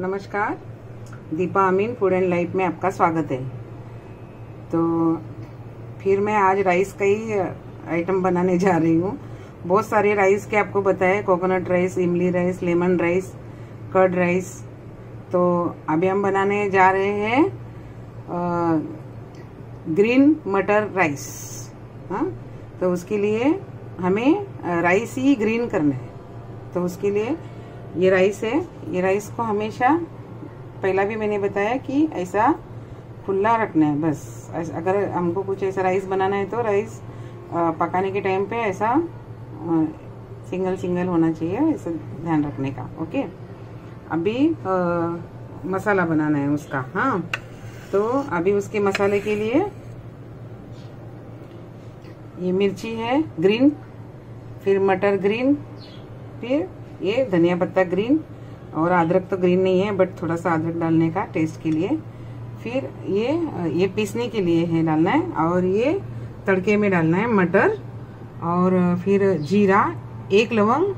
नमस्कार Deepa Amin food and life में आपका स्वागत है तो फिर मैं आज राइस का ही आइटम बनाने जा रही हूँ बहुत सारे राइस के आपको बताए कोकोनट राइस इमली rice lemon rice curd rice तो अभी हम बनाने जा रहे हैं ग्रीन मटर राइस हाँ तो उसके लिए हमें राइस ही ग्रीन करना है तो उसके लिए ये राइस है ये राइस को हमेशा पहला भी मैंने बताया कि ऐसा खुला रखना है बस अगर हमको कुछ ऐसा राइस बनाना है तो राइस पकाने के टाइम पे ऐसा सिंगल सिंगल होना चाहिए ऐसा ध्यान रखने का ओके अभी आ, मसाला बनाना है उसका हाँ तो अभी उसके मसाले के लिए ये मिर्ची है ग्रीन फिर मटर ग्रीन फिर ये धनिया पत्ता ग्रीन और अदरक तो ग्रीन नहीं है बट थोड़ा सा अदरक डालने का टेस्ट के लिए फिर ये ये पीसने के लिए है डालना है और ये तड़के में डालना है मटर और फिर जीरा एक लवंग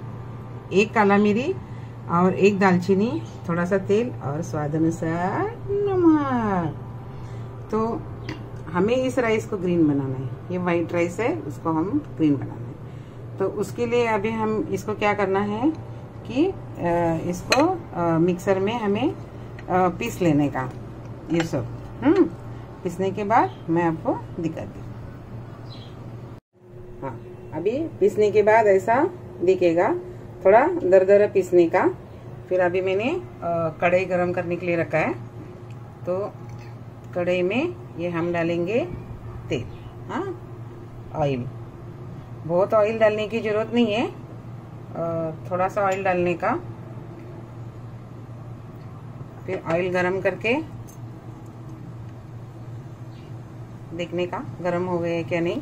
एक काला मिरी और एक दालचीनी थोड़ा सा तेल और स्वाद अनुसार नमक तो हमें इस राइस को ग्रीन बनाना है ये वाइट राइस है उसको हम ग्रीन बनाना है तो उसके लिए अभी हम इसको क्या करना है कि इसको मिक्सर में हमें पीस लेने का ये सब हम्म पीसने के बाद मैं आपको दिखाती दी हाँ अभी पीसने के बाद ऐसा दिखेगा थोड़ा दर दर पीसने का फिर अभी मैंने कढ़ाई गरम करने के लिए रखा है तो कढ़ाई में ये हम डालेंगे तेल हाँ ऑयल बहुत ऑयल डालने की जरूरत नहीं है थोड़ा सा ऑयल डालने का फिर ऑयल गरम करके देखने का गरम हो गया है क्या नहीं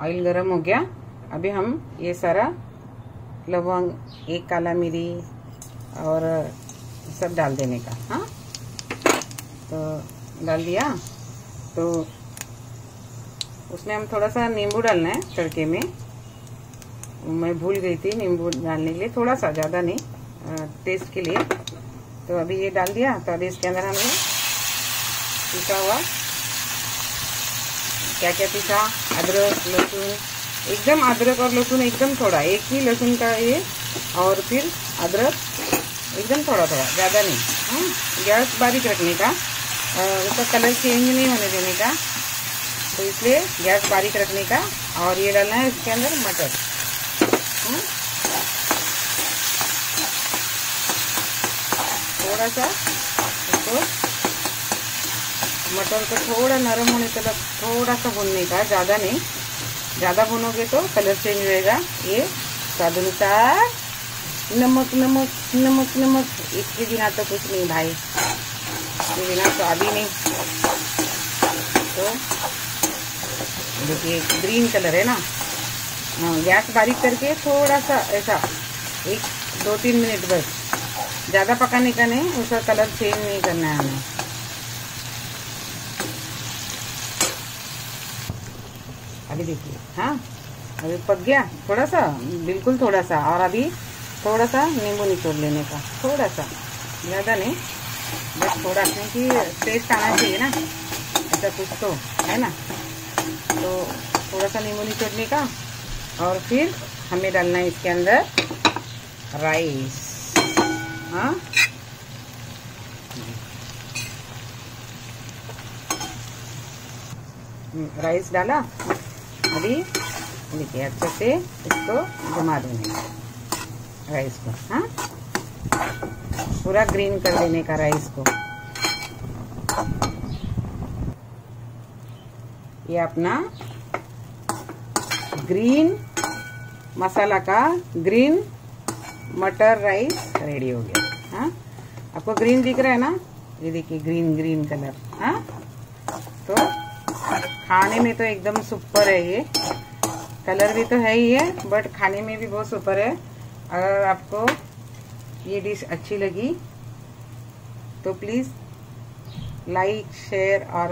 ऑयल हाँ, गरम हो गया अभी हम ये सारा लवंग एक काला मिरी और सब डाल देने का हाँ तो डाल दिया तो उसमें हम थोड़ा सा नींबू डालना है तड़के में मैं भूल गई थी नींबू डालने के लिए थोड़ा सा ज़्यादा नहीं टेस्ट के लिए तो अभी ये डाल दिया तो अभी इसके अंदर हमने पीसा हुआ क्या क्या पीसा अदरक लहसुन एकदम अदरक और लहसुन एकदम थोड़ा एक ही लहसुन का ये और फिर अदरक एकदम थोड़ा थोड़ा ज़्यादा नहीं हम्म, गैस बारीक रखने का उसका कलर चेंज नहीं होने देने का तो इसलिए गैस बारीक रखने का और ये डालना है इसके अंदर मटर हम्म। थोड़ा सा इसको मटर को थोड़ा नरम होने तक थोड़ा सा भुनने का ज़्यादा नहीं ज़्यादा भुनोगे तो कलर चेंज होएगा ये स्वाद अनुसार नमक नमक नमक नमक इसके बिना तो कुछ नहीं भाई इसके बिना स्वाद ही नहीं तो जो कि ग्रीन कलर है ना हाँ, गैस बारीक करके थोड़ा सा ऐसा एक दो तीन मिनट बस ज़्यादा पकाने का नहीं उसका कलर चेंज नहीं करना है हमें अभी देखिए हाँ अभी पक गया थोड़ा सा बिल्कुल थोड़ा सा और अभी थोड़ा सा नींबू निचोड़ लेने का थोड़ा सा ज़्यादा नहीं बस थोड़ा क्योंकि टेस्ट आना चाहिए ना ऐसा कुछ तो है ना तो थोड़ा सा नींबू निचोड़ने का और फिर हमें डालना है इसके अंदर राइस हाँ हम्म, राइस डाला अभी देखिए अच्छे से इसको जमा देंगे राइस को हाँ पूरा ग्रीन कर देने का राइस को ये अपना ग्रीन मसाला का ग्रीन मटर राइस रेडी हो गया हाँ आपको ग्रीन दिख रहा है ना ये देखिए ग्रीन ग्रीन कलर हाँ तो खाने में तो एकदम सुपर है ये कलर भी तो है ही है बट खाने में भी बहुत सुपर है अगर आपको ये डिश अच्छी लगी तो प्लीज़ लाइक शेयर और